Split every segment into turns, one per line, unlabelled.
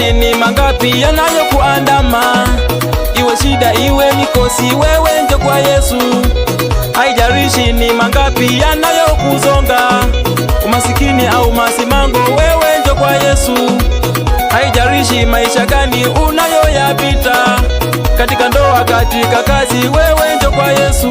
Maisha ni mangapi yanayokuandama, iwe shida iwe mikosi, wewe njo kwa Yesu. Haijalishi ni mangapi yanayokuzonga, umasikini au masimango, wewe njo kwa Yesu. Haijalishi maisha gani unayoyapita, katika ndoa, katika kazi, wewe njo kwa Yesu.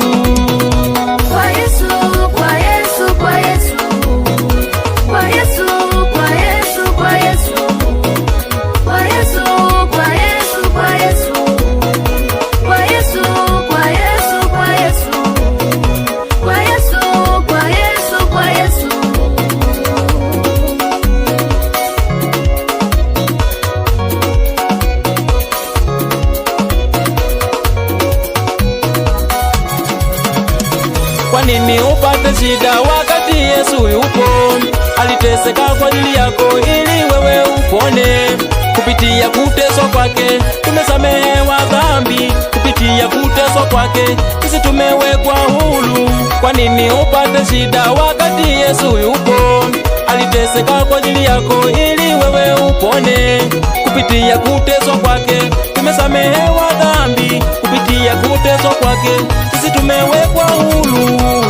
kwa nini upate shida wakati Yesu yupo? Aliteseka kwa ajili yako ili wewe upone. Kupitia kuteswa kwake tumesamehewa dhambi, kupitia kuteswa kwake sisi tumewekwa huru. Kwa nini upate shida wakati Yesu yupo? Aliteseka kwa ajili yako ili wewe upone. Kupitia kuteswa kwake tumesamehewa dhambi, kupitia kuteswa kwake sisi tumewekwa huru